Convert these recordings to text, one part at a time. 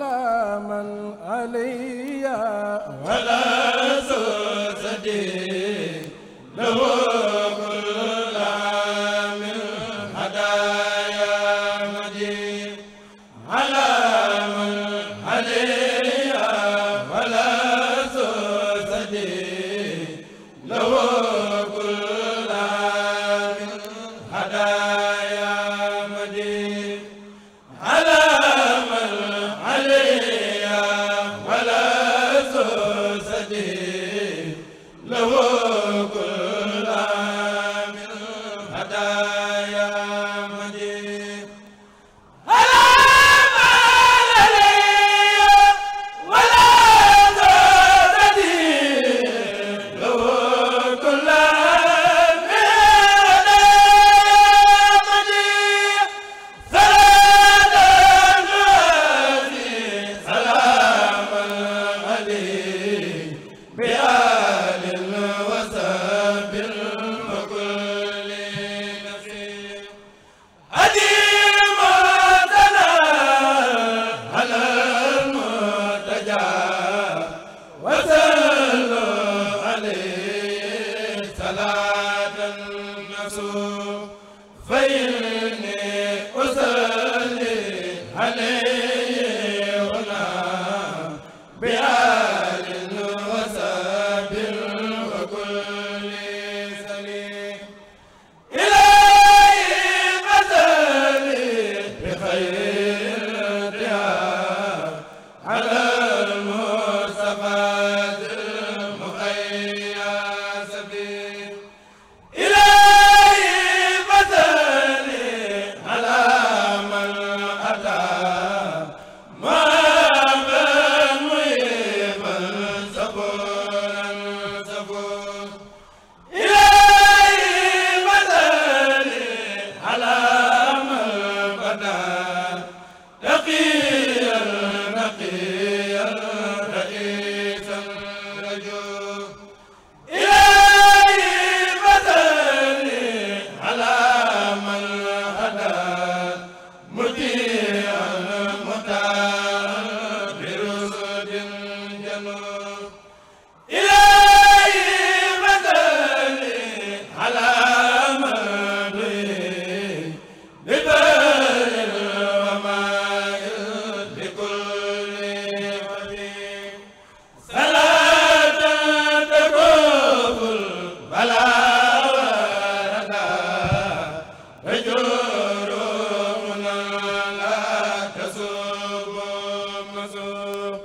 على من علي ولا maza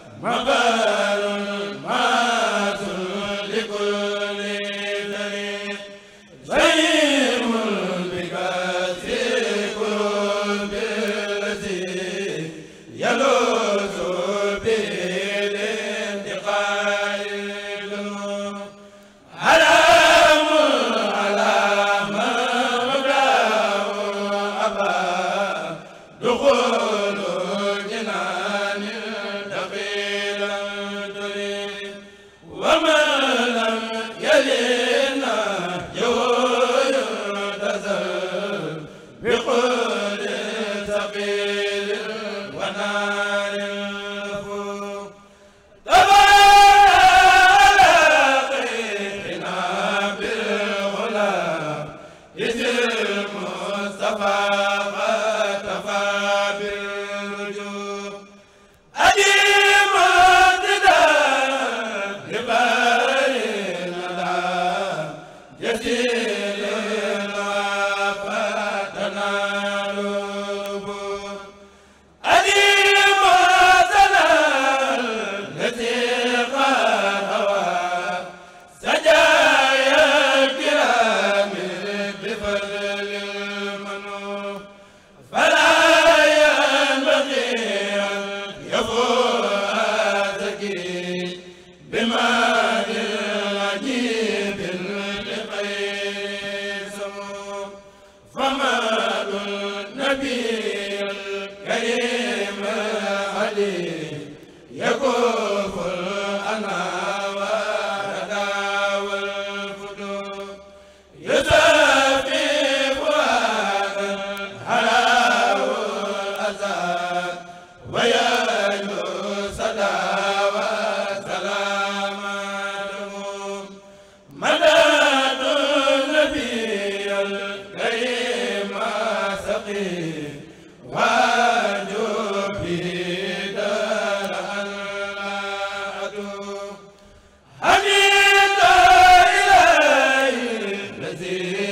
ma Mustafa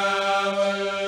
wal